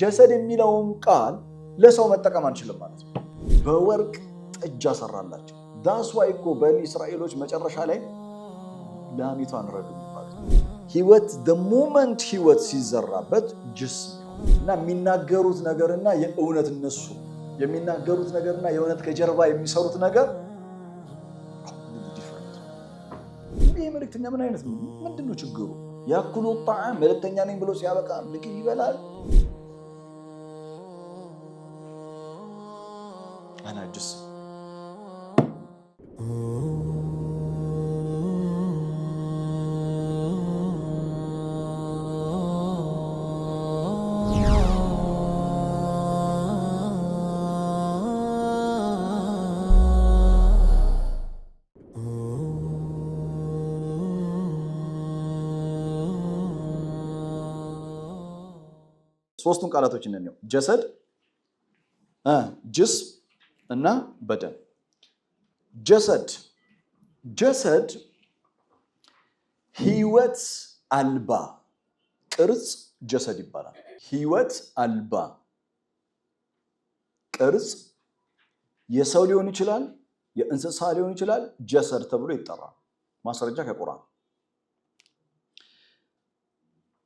ጀሰድ የሚለውን ቃል ለሰው መጠቀም አንችልም ማለት ነው። በወርቅ ጥጃ ሰራላቸው። ዋይ እኮ በኒ እስራኤሎች መጨረሻ ላይ ላሚቷን ረዱ የሚባሉት ህይወት ደሞመንት ህይወት ሲዘራበት ጅስም እና የሚናገሩት ነገርና የእውነት እነሱ የሚናገሩት ነገርና የእውነት ከጀርባ የሚሰሩት ነገር ይህ መልእክተኛ ምን አይነት ምንድን ነው ችግሩ? ያክሉ ጣዕም መልእክተኛ ነኝ ብሎ ሲያበቃ ምግብ ይበላል። አናጅስም። ሶስቱን ቃላቶች እንየው። ጀሰድ፣ ጅስም እና በደም ጀሰድ ጀሰድ ህይወት አልባ ቅርጽ ጀሰድ ይባላል። ህይወት አልባ ቅርጽ የሰው ሊሆን ይችላል፣ የእንስሳ ሊሆን ይችላል። ጀሰድ ተብሎ ይጠራል። ማስረጃ ከቁርአን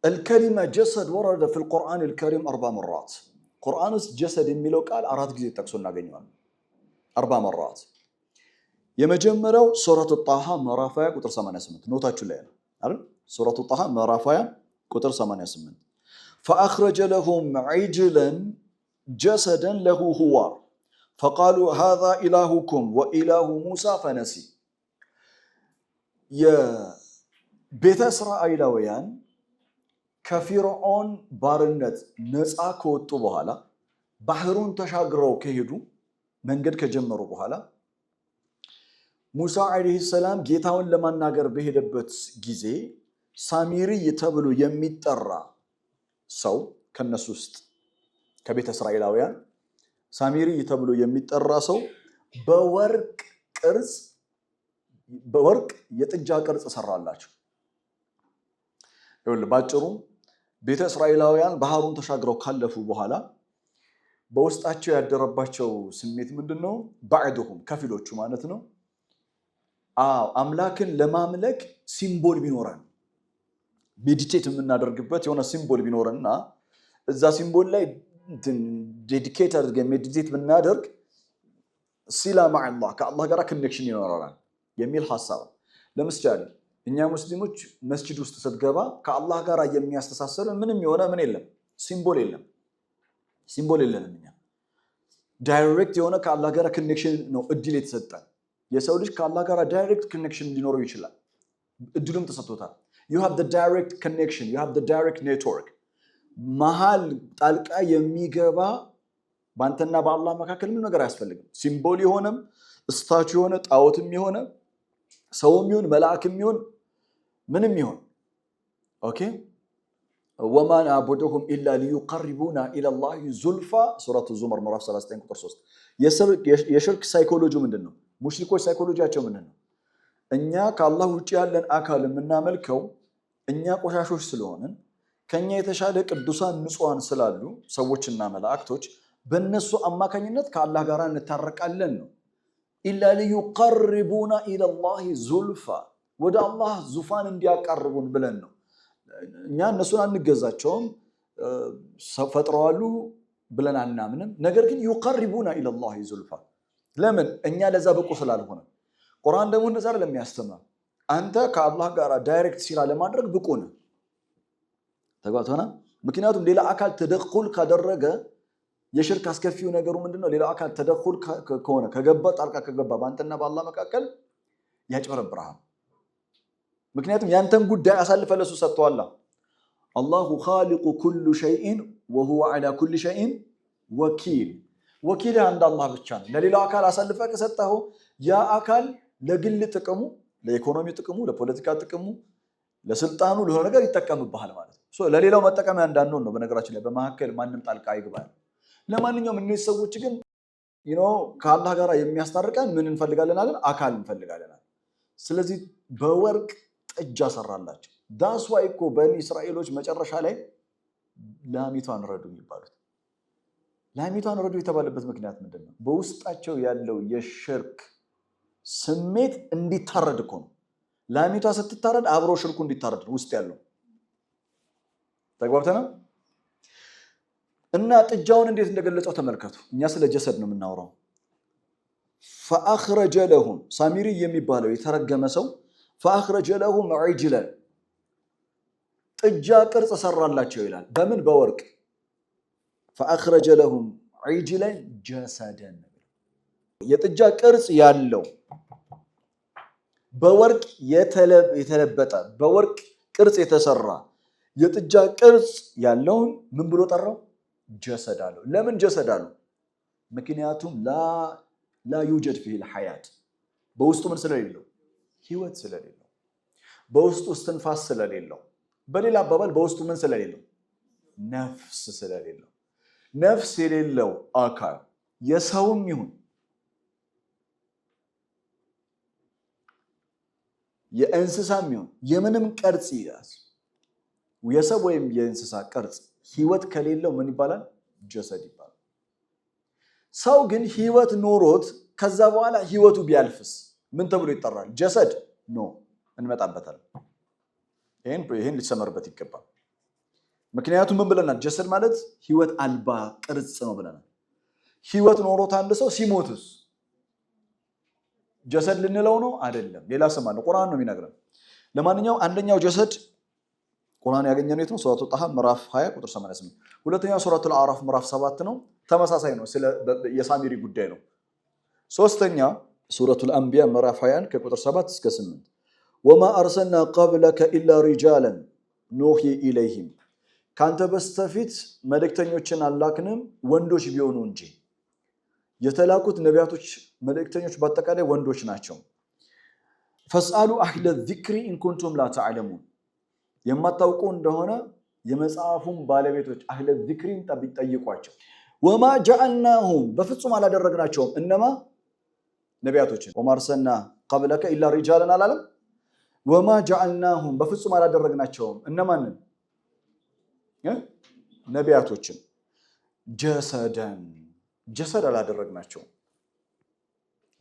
አልከሊመ ጀሰድ ወረደ ፊል ቁርአን አልከሪም አርባ መራት ቁርአን ውስጥ ጀሰድ የሚለው ቃል አራት ጊዜ ጠቅሶ እናገኘዋለን። አርባ መራት። የመጀመሪያው ሱረቱ ጣሃ ምዕራፍ 20 ቁጥር 88 ኖታችሁ ላይ ነው አይደል? ሱረቱ ጣሃ ምዕራፍ 20 ቁጥር 88 ፈአኽረጀ ለሁም ዒጅለን ጀሰደን ለሁ ሁዋር ፈቃሉ ሃዛ ኢላሁኩም ወኢላሁ ሙሳ ፈነሲ። የቤተ እስራኤላውያን ከፊርዖን ባርነት ነፃ ከወጡ በኋላ ባህሩን ተሻግረው ከሄዱ መንገድ ከጀመሩ በኋላ ሙሳ ዓለይሂ ሰላም ጌታውን ለማናገር በሄደበት ጊዜ ሳሚሪ ተብሎ የሚጠራ ሰው ከነሱ ውስጥ ከቤተ እስራኤላውያን ሳሚሪ ተብሎ የሚጠራ ሰው በወርቅ ቅርጽ በወርቅ የጥጃ ቅርጽ ሰራላቸው። ይኸውልህ ባጭሩ ቤተ እስራኤላውያን ባህሩን ተሻግረው ካለፉ በኋላ በውስጣቸው ያደረባቸው ስሜት ምንድን ነው? ባዕድሁም ከፊሎቹ ማለት ነው አምላክን ለማምለክ ሲምቦል ቢኖረን ሜዲቴት የምናደርግበት የሆነ ሲምቦል ቢኖረን እና እዛ ሲምቦል ላይ ዴዲኬት አድርገን ሜዲቴት ብናደርግ ሲላ ማዕላ ከአላህ ጋር ኮኔክሽን ይኖረናል የሚል ሀሳብ። ለምሳሌ እኛ ሙስሊሞች መስጅድ ውስጥ ስትገባ ከአላህ ጋር የሚያስተሳሰርን ምንም የሆነ ምን የለም፣ ሲምቦል የለም። ሲምቦል የለንም እኛ። ዳይሬክት የሆነ ከአላህ ጋር ኮኔክሽን ነው እድል የተሰጠን። የሰው ልጅ ከአላህ ጋር ዳይሬክት ኮኔክሽን ሊኖረው ይችላል፣ እድሉም ተሰጥቶታል። ዩ ሃቭ ዳይሬክት ኮኔክሽን፣ ዩ ሃቭ ዳይሬክት ኔትወርክ። መሀል ጣልቃ የሚገባ በአንተና በአላህ መካከል ምን ነገር አያስፈልግም። ሲምቦል የሆነም እስታች የሆነ ጣዖትም የሆነ ሰውም ይሁን መልአክም ይሁን ምንም ይሁን ኦኬ ወማን አቡድሁም ኢላ ሊዩቀርቡና ኢለላሂ ዙልፋ ሱረቱ ዙመር ምዕራፍ 39 ቁጥር 3 የሽርክ ሳይኮሎጂ ምንድን ነው? ሙሽሪኮች ሳይኮሎጂያቸው ምንድን ነው? እኛ ከአላህ ውጭ ያለን አካል የምናመልከው እኛ ቆሻሾች ስለሆንን ከኛ የተሻለ ቅዱሳን ንጹሐን ስላሉ ሰዎችና መላእክቶች በእነሱ አማካኝነት ከአላህ ጋር እንታረቃለን ነው። ኢላ ሊዩቀርቡና ኢለላሂ ዙልፋ ወደ አላህ ዙፋን እንዲያቀርቡን ብለን ነው እኛ እነሱን አንገዛቸውም፣ ፈጥረዋሉ ብለን አናምንም። ነገር ግን ዩቀሪቡና ኢለላሂ ዙልፋ ለምን እኛ ለዛ በቁ ስላልሆነ። ቁርአን ደግሞ እንደዛ ለሚያስተምር አንተ ከአላህ ጋር ዳይሬክት ሲራ ለማድረግ ብቁ ነህ። ተግባብተና ምክንያቱም ሌላ አካል ተደኩል ካደረገ የሽርክ አስከፊው ነገሩ ምንድነው? ሌላ አካል ተደኩል ከሆነ ከገባ ጣልቃ ከገባ በአንተና በአላህ መካከል ያጭበረብርሃል። ምክንያቱም ያንተን ጉዳይ አሳልፈ ለሱ ሰጥተዋላ። አላሁ ኻሊቁ ኩሉ ሸይኢን ወሁወ ዓላ ኩሊ ሸይኢን ወኪል። ወኪልህ አንድ አላህ ብቻ ነው። ለሌላው አካል አሳልፈ ከሰጠው ያ አካል ለግል ጥቅሙ፣ ለኢኮኖሚ ጥቅሙ፣ ለፖለቲካ ጥቅሙ፣ ለስልጣኑ ለሆነ ነገር ይጠቀምብሃል ማለት ነው። ለሌላው መጠቀሚያ እንዳንሆን ነው። በነገራችን ላይ በመካከል ማንም ጣልቃ አይግባል። ለማንኛውም እነዚህ ሰዎች ግን ከአላህ ጋር የሚያስታርቀን ምን እንፈልጋለን? አለን አካል እንፈልጋለን። ስለዚህ በወርቅ ጥጃ ሰራላቸው። ዳስ ዋይ እኮ በኒ እስራኤሎች መጨረሻ ላይ ላሚቷን ረዱ የሚባሉት ላሚቷን ረዱ የተባለበት ምክንያት ምንድን ነው? በውስጣቸው ያለው የሽርክ ስሜት እንዲታረድ እኮ ነው። ላሚቷ ስትታረድ አብሮ ሽርኩ እንዲታረድ ውስጥ ያለው ተግባብተናል። እና ጥጃውን እንዴት እንደገለጸው ተመልከቱ። እኛ ስለ ጀሰድ ነው የምናወራው። ፈአኽረጀ ለሁም ሳሚሪ የሚባለው የተረገመ ሰው ፈአኽረጀ ለሁም ዒጅለን ጥጃ ቅርጽ ሰራላቸው ይላል። በምን በወርቅ ፈአኽረጀ ለሁም ዒጅለን ጀሰደን የጥጃ ቅርጽ ያለው በወርቅ የተለበጠ በወርቅ ቅርጽ የተሰራ የጥጃ ቅርጽ ያለውን ምን ብሎ ጠራው? ጀሰድ አለው። ለምን ጀሰድ አለው? ምክንያቱም ላ ዩጀድ ፊሂል ሐያት በውስጡ ምን ስለሌለው ህይወት ስለሌለው፣ በውስጡ እስትንፋስ ስለሌለው፣ በሌላ አባባል በውስጡ ምን ስለሌለው ነፍስ ስለሌለው ነፍስ የሌለው አካል የሰውም ይሁን የእንስሳም ይሁን የምንም ቅርጽ ይያዝ የሰው ወይም የእንስሳ ቅርጽ ህይወት ከሌለው ምን ይባላል? ጀሰድ ይባላል። ሰው ግን ህይወት ኖሮት ከዛ በኋላ ህይወቱ ቢያልፍስ ምን ተብሎ ይጠራል? ጀሰድ ኖ እንመጣበታለን። ይህን ሊሰመርበት ይገባል። ምክንያቱም ምን ብለናል? ጀሰድ ማለት ህይወት አልባ ቅርጽ ነው ብለናል። ህይወት ኖሮት አንድ ሰው ሲሞትስ ጀሰድ ልንለው ነው? አይደለም። ሌላ ስም አለ። ቁርአን ነው የሚነግረን። ለማንኛውም አንደኛው ጀሰድ ቁርአን ያገኘነው የት ነው? ሱረቱ ጣሃ ምዕራፍ 20 ቁጥር 88። ሁለተኛው ሱረቱ አዕራፍ ምዕራፍ 7 ነው። ተመሳሳይ ነው። የሳሚሪ ጉዳይ ነው። ሶስተኛ ሱረቱል አንቢያ ምዕራፍ 21 ከቁጥር 7 እስከ 8 ወማ አርሰልና ቀብለከ ኢላ ሪጃለን ኑሂ ኢለይህም ከአንተ በስተፊት መልእክተኞችን አላክንም ወንዶች ቢሆኑ እንጂ። የተላኩት ነቢያቶች መልእክተኞች በአጠቃላይ ወንዶች ናቸው። ፈስአሉ አህለ ዚክሪ ኢንኩንቱም ላተዕለሙን የማታውቁ እንደሆነ የመጽሐፉን ባለቤቶች አህለ ዚክሪን ጠይቋቸው። ወማ ጃአልናሁም በፍጹም አላደረግናቸውም እነማ ነቢያቶችን ወማርሰና ቀብለከ ኢላ ሪጃልን አላለም። ወማ ጃአልናሁም በፍጹም አላደረግናቸውም። እነማንን? ነቢያቶችን ጀሰደን ጀሰድ አላደረግናቸውም።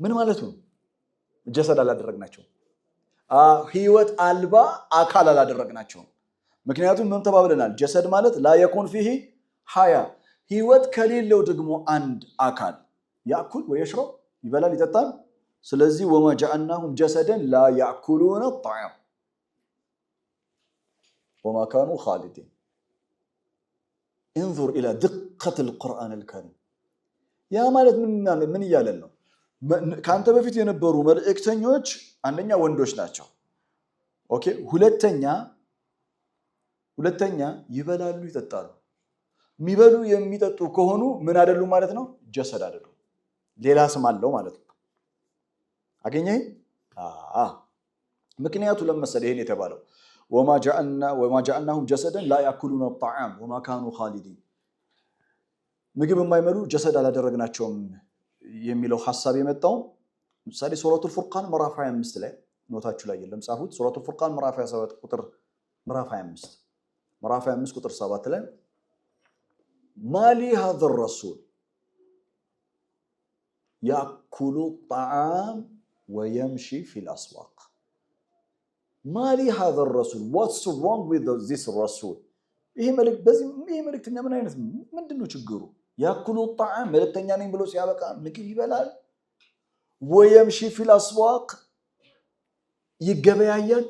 ምን ማለት ነው? ጀሰድ አላደረግናቸውም፣ ህይወት አልባ አካል አላደረግናቸውም። ምክንያቱም ምን ተባብለናል? ጀሰድ ማለት ላየኩን የኩን ፊሂ ሀያ ህይወት ከሌለው ደግሞ አንድ አካል ያእኩል ወየሽረብ ይበላል፣ ይጠጣል። ስለዚህ ወማ ጃአናሁም ጀሰደን ላ ያእኩሉነ ጣዕም ወማ ካኑ ኻሊዲን እንዙር ኢላ ድቀት ልቁርአን ልከሪም። ያ ማለት ምን እያለን ነው? ከአንተ በፊት የነበሩ መልእክተኞች አንደኛ ወንዶች ናቸው። ኦኬ ሁለተኛ ሁለተኛ ይበላሉ፣ ይጠጣሉ። የሚበሉ የሚጠጡ ከሆኑ ምን አይደሉም ማለት ነው፣ ጀሰድ አይደሉም። ሌላ ስም አለው ማለት ነው። አገኘ ምክንያቱ ለመሰለ ይህን የተባለው ወማ ጃአልናሁም ጀሰደን ላ ያኩሉነ ጣዓም ወማ ካኑ ኻሊዲን ምግብ የማይመሉ ጀሰድ አላደረግናቸውም የሚለው ሀሳብ የመጣው ምሳሌ ሱረቱል ፉርቃን ምዕራፍ 25 ላይ ኖታችሁ ላይ የለም ጻፉት። ሱረቱል ፉርቃን ምዕራፍ 27 ቁጥር ምዕራፍ 25 ምዕራፍ 25 ቁጥር 7 ላይ ማሊ ሀዘ ረሱል ያኩሉ ጣዓም ወየምሺ ፊል አስዋቅ ማሊ ሀዘ ረሱል ዋትስ ሮንግ ዊዝ ዚስ ረሱል። ይህ መልእክተኛ ምን አይነት ምንድን ነው ችግሩ? ያኩሉ ጣዓም መልእክተኛ ነኝ ብሎ ሲያበቃ ምግብ ይበላል፣ ወየምሺ ፊል አስዋቅ ይገበያያል።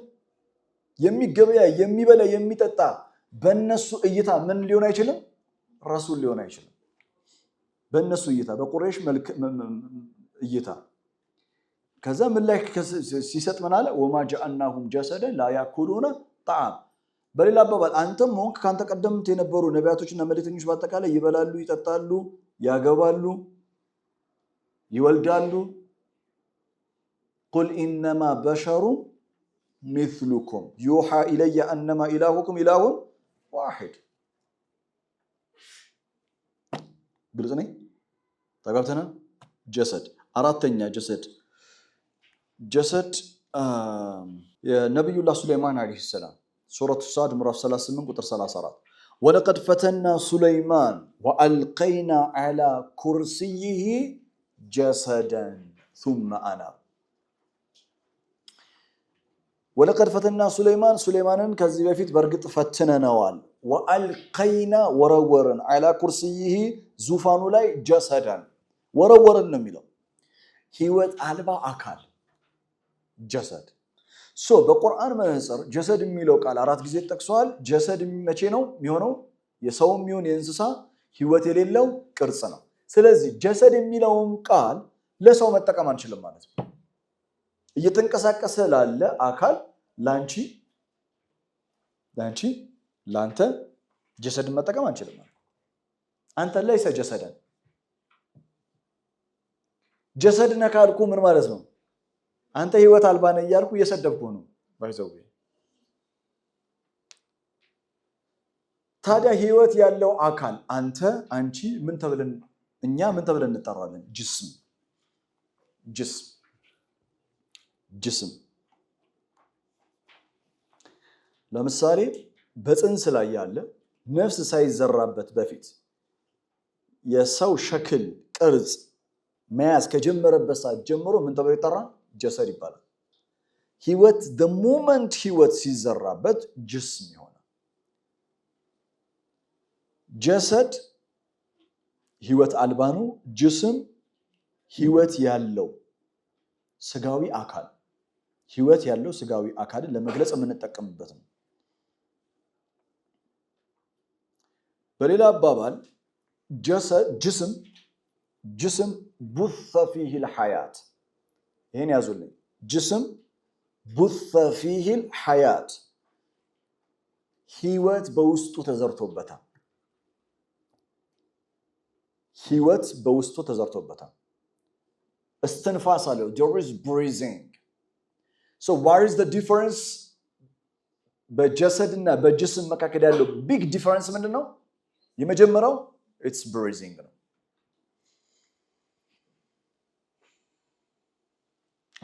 የሚገበያ የሚበላ የሚጠጣ በእነሱ እይታ ምን ሊሆን አይችልም? ረሱል ሊሆን አይችልም። በእነሱ እይታ፣ በቁሬሽ እይታ ከዛ ላይ ሲሰጥ ምን አለ? ወማ ጃአናሁም ጀሰደ ላያኩሉነ ጣዓም። በሌላ አባባል አንተም ሆንክ ከአንተ ቀደምት የነበሩ ነቢያቶችና መልእክተኞች በአጠቃላይ ይበላሉ፣ ይጠጣሉ፣ ያገባሉ፣ ይወልዳሉ። ቁል ኢነማ በሸሩ ሚስሉኩም ዩሓ ኢለየ አነማ ኢላሁኩም ኢላሁን ዋሒድ። ግልጽ ነኝ። ተጋብተና ጀሰድ አራተኛ ጀሰድ ጀሰድ የነቢዩላህ ሱለይማን ዓለይሂ ሰላም ሱረቱ ሳድ ምዕራፍ 38 ቁጥር 34 ወለቀድ ፈተና ሱለይማን ወአልቀይና ዓላ ኩርስይህ ጀሰደን ثመ አናብ ወለቀድ ፈተና ሱለይማን ሱለይማንን ከዚህ በፊት በእርግጥ ፈትነነዋል። ወአልቀይና ወረወርን ዓላ ኩርስይህ ዙፋኑ ላይ ጀሰደን ወረወረን ነው የሚለው ህይወት አልባ አካል ጀሰድ። ሶ በቁርአን መነጽር ጀሰድ የሚለው ቃል አራት ጊዜ ጠቅሰዋል። ጀሰድ መቼ ነው የሚሆነው? የሰው የሚሆን የእንስሳ ህይወት የሌለው ቅርጽ ነው። ስለዚህ ጀሰድ የሚለውን ቃል ለሰው መጠቀም አንችልም ማለት ነው። እየተንቀሳቀሰ ላለ አካል ላንቺ ላንቺ ላንተ ጀሰድን መጠቀም አንችልም ማለት አንተ ላይ ሰጀሰደን ጀሰደን ጀሰድ ነህ ካልኩ ምን ማለት ነው? አንተ ህይወት አልባ ነህ እያልኩ እየሰደብኩ ነው። ባይዘው ታዲያ ህይወት ያለው አካል አንተ፣ አንቺ ምን ተብለን እኛ ምን ተብለን እንጠራለን? ጅስም ጅስም ጅስም ለምሳሌ በፅንስ ላይ ያለ ነፍስ ሳይዘራበት በፊት የሰው ሸክል ቅርጽ መያዝ ከጀመረበት ሰዓት ጀምሮ ምን ተብሎ ይጠራ? ጀሰድ ይባላል። ህይወት ሞመንት ህይወት ሲዘራበት ጅስም ይሆናል። ጀሰድ ህይወት አልባ ነው። ጅስም ህይወት ያለው ስጋዊ አካል ህይወት ያለው ስጋዊ አካልን ለመግለጽ የምንጠቀምበት ነው። በሌላ አባባል ጅስም ጅስም ቡተ ፊህ ልሐያት ይህን ያዙልኝ። ጅስም ቡተ ፊህ ልሐያት ህይወት በውስጡ ተዘርቶበታል። ህይወት በውስጡ ተዘርቶበታል። እስትንፋስ አለው። there is breathing so what is the difference በጀሰድ እና በጅስም መካከል ያለው ቢግ ዲፈረንስ ምንድን ነው? የመጀመሪያው ኢትስ ብሪዚንግ ነው።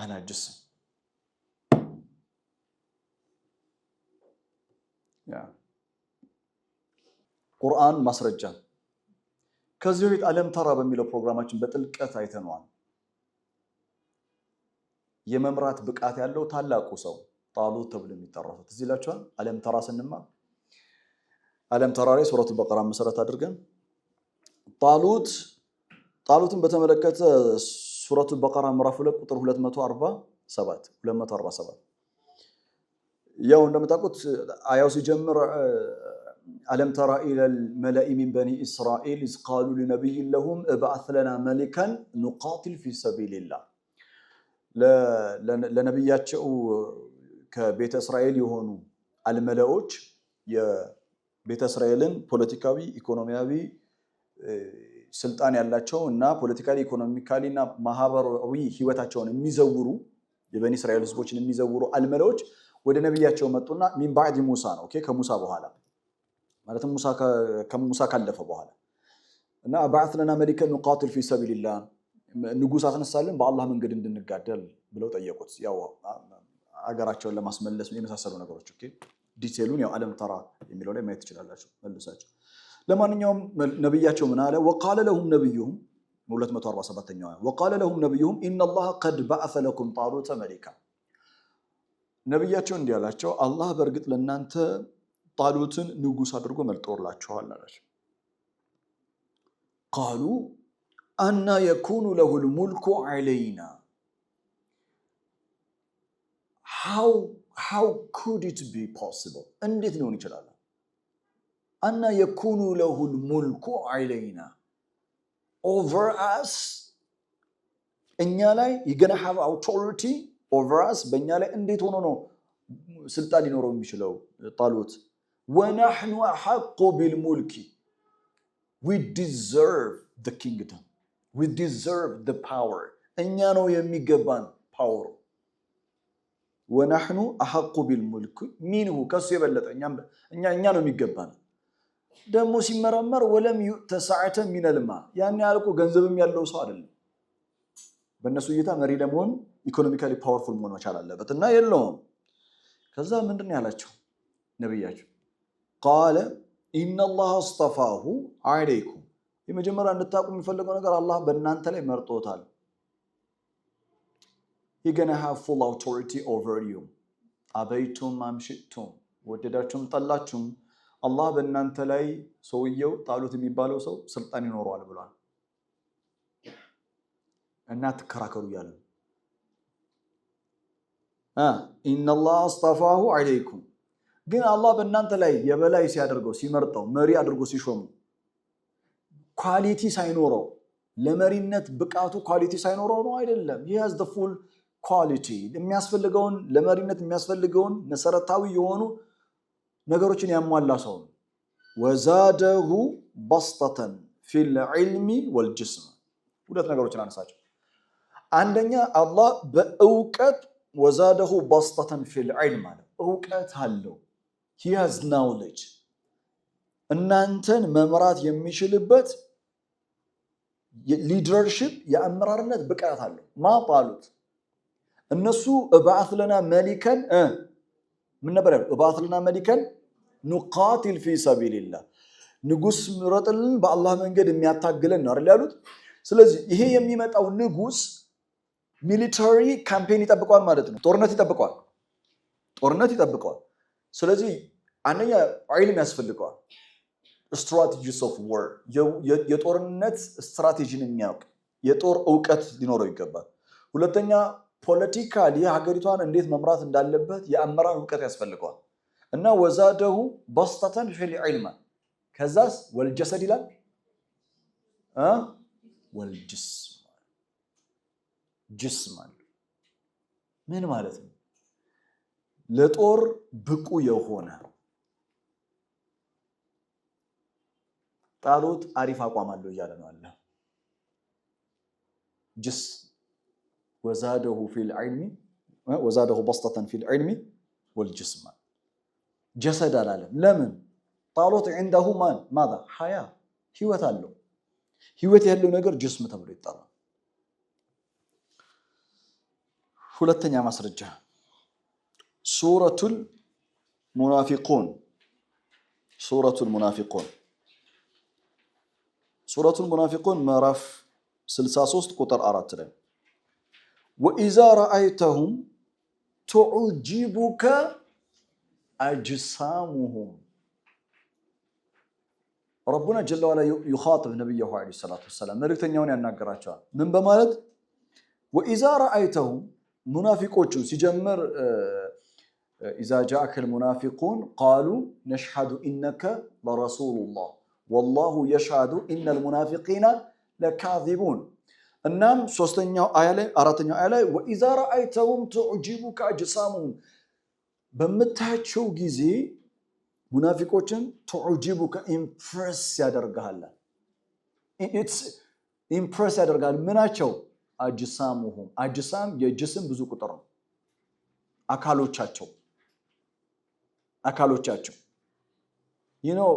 አናጅስም። ቁርአን ማስረጃ ከዚህ በፊት ዓለም ተራ በሚለው ፕሮግራማችን በጥልቀት አይተነዋል። የመምራት ብቃት ያለው ታላቁ ሰው ጣሉት ተብሎ የሚጠራው ሰው ትዝ ይላችኋል። ዓለም ተራ ስንማር ዓለም ተራ ላይ ሱረቱል በቀራ መሰረት አድርገን ጣሉት ጣሉትን በተመለከተ ሱረቱ በቀራ ምዕራፍ 2 ቁጥር 247 247 ያው እንደምታውቁት አያው ሲጀምር አለም ተራ ኢለል መላኢ ሚን በኒ እስራኤል ኢዝ ቃሉ ሊነቢይን ለሁም እብዓት ለና መሊከን ኑቃቲል ፊ ሰቢልላህ ለነቢያቸው ከቤተ እስራኤል የሆኑ አልመላዎች የቤተ እስራኤልን ፖለቲካዊ፣ ኢኮኖሚያዊ ስልጣን ያላቸው እና ፖለቲካሊ ኢኮኖሚካሊ እና ማህበራዊ ህይወታቸውን የሚዘውሩ የበኒ እስራኤል ህዝቦችን የሚዘውሩ አልመላዎች ወደ ነቢያቸው መጡና ሚን ባዕድ ሙሳ ነው ከሙሳ በኋላ ማለትም ከሙሳ ካለፈ በኋላ እና አባዓት መሊከ ንቃትል ፊ ሰቢልላ ንጉስ አስነሳልን በአላህ መንገድ እንድንጋደል ብለው ጠየቁት። ያው ለማስመለስ የመሳሰሉ ነገሮች ዲቴሉን ያው አለም ተራ የሚለው ላይ ማየት ትችላላችሁ መልሳቸው ለማንኛውም ነቢያቸው ምን አለ? ወቃለ ለሁም ነቢዩሁም 247ኛው ወቃለ ለሁም ነቢዩሁም ኢነላሃ ቀድ በአፈ ለኩም ጣሉተ መሊካ። ነቢያቸው እንዲህ አላቸው፣ አላህ በእርግጥ ለእናንተ ጣሉትን ንጉስ አድርጎ መልጦላችኋል አላቸው። ቃሉ አና የኩኑ ለሁል ሙልኩ ዐለይና ሀው ኩድ ኢት ቢ ፖስብል፣ እንዴት ሊሆን ይችላል? anna yakunu lahul mulku ዐለይና ኦቨር አስ እኛ ላይ የገና ሀብ አውቶሪቲ ኦቨር አስ በእኛ ላይ እንዴት ሆኖ ነው ስልጣን ሊኖረው የሚችለው ጣሉት ወናሕኑ አሐቁ ቢልሙልኪ ዊ ዲዘርቭ ዘ ኪንግደም ዊ ዲዘርቭ ዘ ፓወር እኛ ነው የሚገባን ፓወሩ ወናሕኑ አሐቁ ቢልሙልክ ሚንሁ ከሱ የበለጠ እኛ ነው የሚገባን ደግሞ ሲመረመር ወለም ዩእተ ሰዓተ ሚነልማ ያን ያልቁ ገንዘብም ያለው ሰው አይደለም። በእነሱ እይታ መሪ ለመሆን ኢኮኖሚካሊ ፓወርፉል መሆን መቻል አለበት እና የለውም። ከዛ ምንድን ያላቸው ነቢያቸው ቃለ ኢነላህ አስጠፋሁ አለይኩም። የመጀመሪያ እንድታቁ የሚፈልገው ነገር አላህ በእናንተ ላይ መርጦታል። ገና ሃቭ ፉል አውቶሪቲ ኦቨር ዩ አበይቱም አምሽቱም ወደዳችሁም ጠላችሁም አላህ በእናንተ ላይ ሰውየው ጣሉት የሚባለው ሰው ስልጣን ይኖረዋል ብሏል እና ትከራከሩ እያለ ኢነላህ አስጠፋሁ አለይኩም። ግን አላህ በእናንተ ላይ የበላይ ሲያደርገው ሲመርጠው መሪ አድርጎ ሲሾሙ ኳሊቲ ሳይኖረው ለመሪነት ብቃቱ ኳሊቲ ሳይኖረው ነው አይደለም። ይህ ሀዝ ፉል ኳሊቲ የሚያስፈልገውን ለመሪነት የሚያስፈልገውን መሰረታዊ የሆኑ ነገሮችን ያሟላ ሰው ነው። ወዛደሁ በስጠተን ፊል ዒልሚ ወልጅስም። ሁለት ነገሮችን አነሳቸው። አንደኛ አላህ በእውቀት ወዛደሁ በስጠተን ፊል ዒልም አለ። እውቀት አለው ሂያዝ ናውሌጅ እናንተን መምራት የሚችልበት ሊደርሽፕ የአመራርነት ብቃት አለው። ማጥ አሉት እነሱ እባአት ለና መሊከን ምን ነበር ያሉ እባአት ለና መሊከን ኑቃቲል ፊ ሰቢልላህ ንጉስ ምረጥልን በአላህ መንገድ የሚያታግለን ነው አይደል ያሉት። ስለዚህ ይሄ የሚመጣው ንጉስ ሚሊታሪ ካምፔን ይጠብቀዋል ማለት ነው። ጦርነት ይጠብቀዋል፣ ጦርነት ይጠብቀዋል። ስለዚህ አንደኛ ዒልም ያስፈልገዋል። ስትራቴጂስ ኦፍ ወር የጦርነት ስትራቴጂን የሚያውቅ የጦር እውቀት ሊኖረው ይገባል። ሁለተኛ ፖለቲካሊ ሀገሪቷን እንዴት መምራት እንዳለበት የአመራር እውቀት ያስፈልገዋል። እና ወዛደሁ በስጠተን ፊል ዒልማ ከዛስ ወልጀሰድ ይላል ወልጅስም ምን ማለት ነው? ለጦር ብቁ የሆነ ጣሎት አሪፍ አቋም አለው እያለ ነው አለ ጅስ ወዛደሁ በስጠተን ፊል ዒልሚ ወልጅስም ጀሰድ አላለም። ለምን? ጣሎት ዒንደሁ ማን ማዛ ሀያ ህይወት አለው። ህይወት ያለው ነገር ጅስም ተብሎ ይጠራል። ሁለተኛ ማስረጃ ሱረቱል ሙናፊቁን ሱረቱል ሙናፊቁን ሱረቱል ሙናፊቁን ምዕራፍ 63 ቁጥር አራት ላይ ወኢዛ ረአይተሁም ትዑጂቡከ أجسامهم ربنا جل وعلا يخاطب نبيه عليه الصلاة والسلام مرت نيوني أن من بمالد وإذا رأيتهم منافقون سيجمر إذا جاءك المنافقون قالوا نشهد إنك لرسول الله والله يشهد إن المنافقين لكاذبون النام سوستنيو آيالي أراتنيو آيالي وإذا رأيتهم تعجبك أجسامهم በምታያቸው ጊዜ ሙናፊቆችን ቱዕጂቡከ ኢምፕረስ ያደርግሃል። ኢምፕረስ ያደርጋል። ምናቸው? አጅሳሙሁም አጅሳም የጅስም ብዙ ቁጥር ነው። አካሎቻቸው አካሎቻቸው ይነው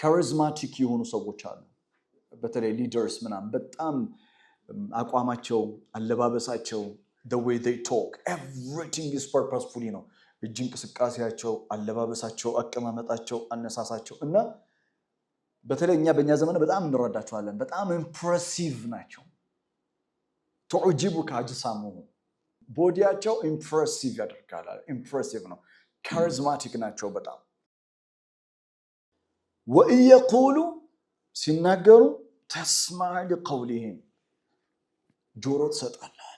ካሪዝማቲክ የሆኑ ሰዎች አሉ። በተለይ ሊደርስ ምናምን በጣም አቋማቸው፣ አለባበሳቸው the way they talk everything is ነው። እጅ እንቅስቃሴያቸው፣ አለባበሳቸው፣ አቀማመጣቸው፣ አነሳሳቸው እና በተለይ እኛ በእኛ ዘመን በጣም እንረዳቸዋለን። በጣም ኢምፕሬሲቭ ናቸው። ቱዕጂቡ ከአጅሳሙ ቦዲያቸው ኢምፕሬሲቭ ያደርጋል። ኢምፕሬሲቭ ነው። ካሪዝማቲክ ናቸው በጣም ወእየቁሉ ሲናገሩ ተስማዕ ሊቀውሊህም ጆሮ ትሰጣለህ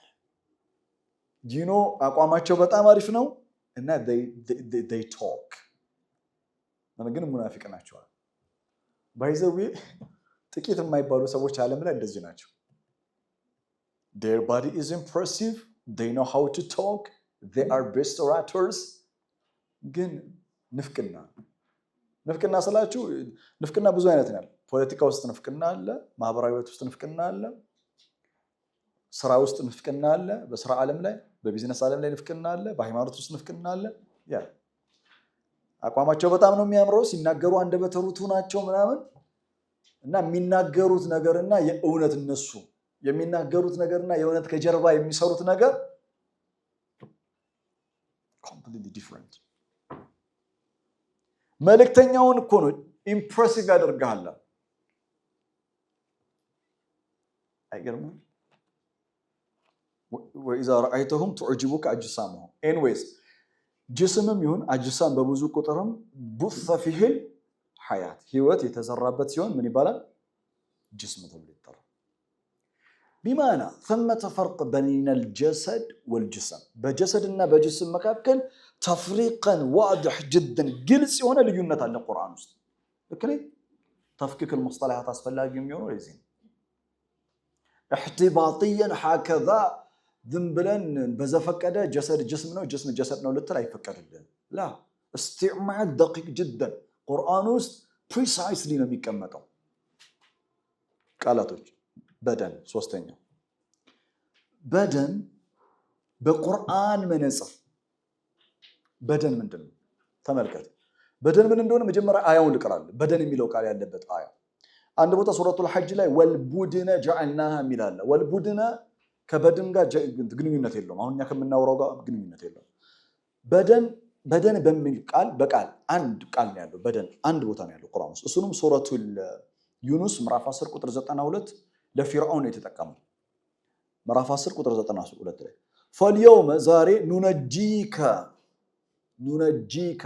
ዲኖ አቋማቸው በጣም አሪፍ ነው እና ቶክ ግን ሙናፊቅ ናቸዋል። ባይዘዌ ጥቂት የማይባሉ ሰዎች አለም ላይ እንደዚህ ናቸው። ር ባዲ ኢዝ ኢምፕሬሲቭ ኖ ሃው ቱ ቶክ አር ቤስት ግን ንፍቅና ንፍቅና ስላችሁ ንፍቅና ብዙ አይነት ነው። ፖለቲካ ውስጥ ንፍቅና አለ፣ ማህበራዊ ህይወት ውስጥ ንፍቅና አለ፣ ስራ ውስጥ ንፍቅና አለ፣ በስራ ዓለም ላይ በቢዝነስ ዓለም ላይ ንፍቅና አለ፣ በሃይማኖት ውስጥ ንፍቅና አለ። ያ አቋማቸው በጣም ነው የሚያምረው ሲናገሩ አንደበተ ርቱዕ ናቸው ምናምን እና የሚናገሩት ነገርና የእውነት እነሱ የሚናገሩት ነገርና የእውነት ከጀርባ የሚሰሩት ነገር ኮምፕሊትሊ ዲፍረንት። መልእክተኛውን እኮ ነው ኢምፕሬሲቭ ያደርግሃል። አይገርምም? وإذا رأيتهم تعجبك أجسامهم anyways جسم يهون أجسام ببزو كترهم بث فيه الحياة هيوات يتزربت يون من يبالا جسم تبليتر بمعنى ثم تفرق بين الجسد والجسم بجسد إن بجسم مكابكن تفريقا واضح جدا جلس هنا لجنة عن القرآن لكني إيه؟ تفكك المصطلحات أسفل لا يميون إيه احتباطيا هكذا ዝም ብለን በዘፈቀደ ጀሰድ ጅስም ነው ጅስም ጀሰድ ነው ልትል አይፈቀድልን። ላ እስቲዕማል ደቂቅ ጅደን ቁርአን ውስጥ ፕሪሳይስሊ ነው የሚቀመጠው ቃላቶች። በደን ሶስተኛው በደን በቁርአን መነጽር በደን ምንድን ነው? ተመልከት። በደን ምን እንደሆነ መጀመሪያ አያውን ልቅራለን። በደን የሚለው ቃል ያለበት አያ አንድ ቦታ ሱረቱል ሐጅ ላይ ወልቡድነ ጀዐልናሃ የሚላለ ወልቡድነ ከበድን ጋር ግንኙነት የለውም። አሁን እኛ ከምናውራው ጋር ግንኙነት የለውም። በደን በደን በሚል ቃል በቃል አንድ ቃል ነው ያለው። በደን አንድ ቦታ ነው ያለው ቁርአን ውስጥ። እሱንም ሱረቱ ዩኑስ ምዕራፍ 10 ቁጥር 92 ለፊርዖን ነው የተጠቀመው። ምዕራፍ 10 ቁጥር 92 ላይ ፈልየውመ ዛሬ ኑነጂከ ኑነጂከ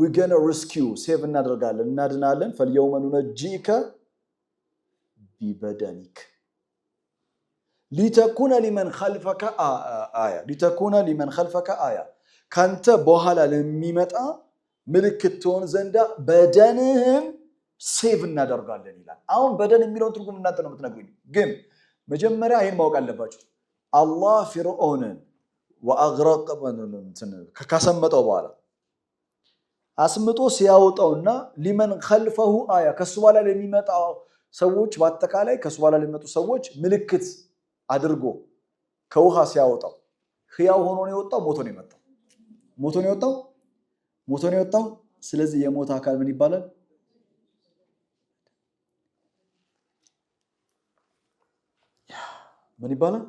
ዊገን ሪስኪው ሴቭ እናደርጋለን እናድናለን። ፈልየውመ ኑነጂከ ቢበደኒክ ሊተኩነ ሊመን ኸልፈከ አያ ሊተኩነ ሊመን ኸልፈከ አያ ካንተ በኋላ ለሚመጣ ምልክት ትሆን ዘንዳ በደንህም ሴቭ እናደርጋለን ይላል። አሁን በደን የሚለውን ትርጉም እናንተ ነው የምትነግሩኝ፣ ግን መጀመሪያ ይህን ማወቅ አለባችሁ። አላህ ፊርዖንን ወአግረቅ ካሰመጠው በኋላ አስምጦ ሲያወጣውና ሊመን ኸልፈሁ አያ ከሱ በኋላ ለሚመጣ ሰዎች በአጠቃላይ ከሱ በኋላ ለሚመጡ ሰዎች ምልክት አድርጎ ከውሃ ሲያወጣው ህያው ሆኖ ነው የወጣው? ሞቶ ነው የመጣው? ሞቶ ነው የወጣው? ሞቶ ነው የወጣው። ስለዚህ የሞት አካል ምን ይባላል? ምን ይባላል?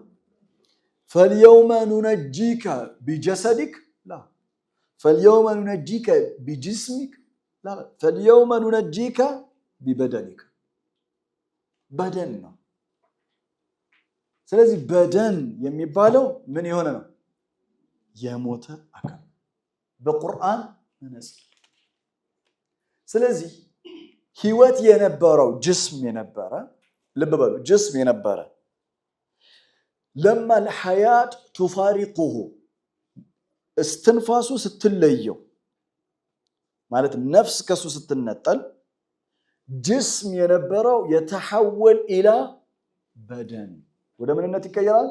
ፈልየውመ ኑነጂከ ቢጀሰዲክ ላ ፈልየውመ ኑነጂከ ቢጅስሚክ ላ ፈልየውመ ኑነጂከ ቢበደኒክ በደን ነው ስለዚህ በደን የሚባለው ምን የሆነ ነው? የሞተ አካል በቁርአን መነጽር። ስለዚህ ህይወት የነበረው ጅስም የነበረ ልብ በሉ ጅስም የነበረ ለማ ልሐያት ቱፋሪቁሁ እስትንፋሱ ስትለየው ማለትም ነፍስ ከሱ ስትነጠል ጅስም የነበረው የተሐወል ኢላ በደን ወደ ምንነት ይቀየራል?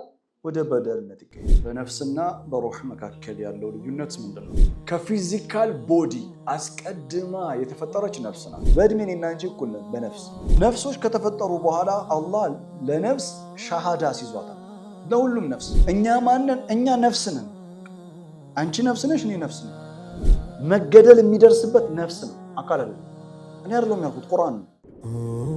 ወደ በደልነት ይቀየራል። በነፍስና በሩህ መካከል ያለው ልዩነት ምንድን ነው? ከፊዚካል ቦዲ አስቀድማ የተፈጠረች ነፍስ ናት። በእድሜ እኔና አንቺ እኩል ነን። በነፍስ ነፍሶች ከተፈጠሩ በኋላ አላህ ለነፍስ ሻሃዳ ሲዟታል። ለሁሉም ነፍስ እኛ ማንን? እኛ ነፍስ ነን። አንቺ ነፍስ ነሽ፣ እኔ ነፍስ ነን። መገደል የሚደርስበት ነፍስ ነው፣ አካል አለ እኔ አይደለም ያልኩት ቁርአን ነው።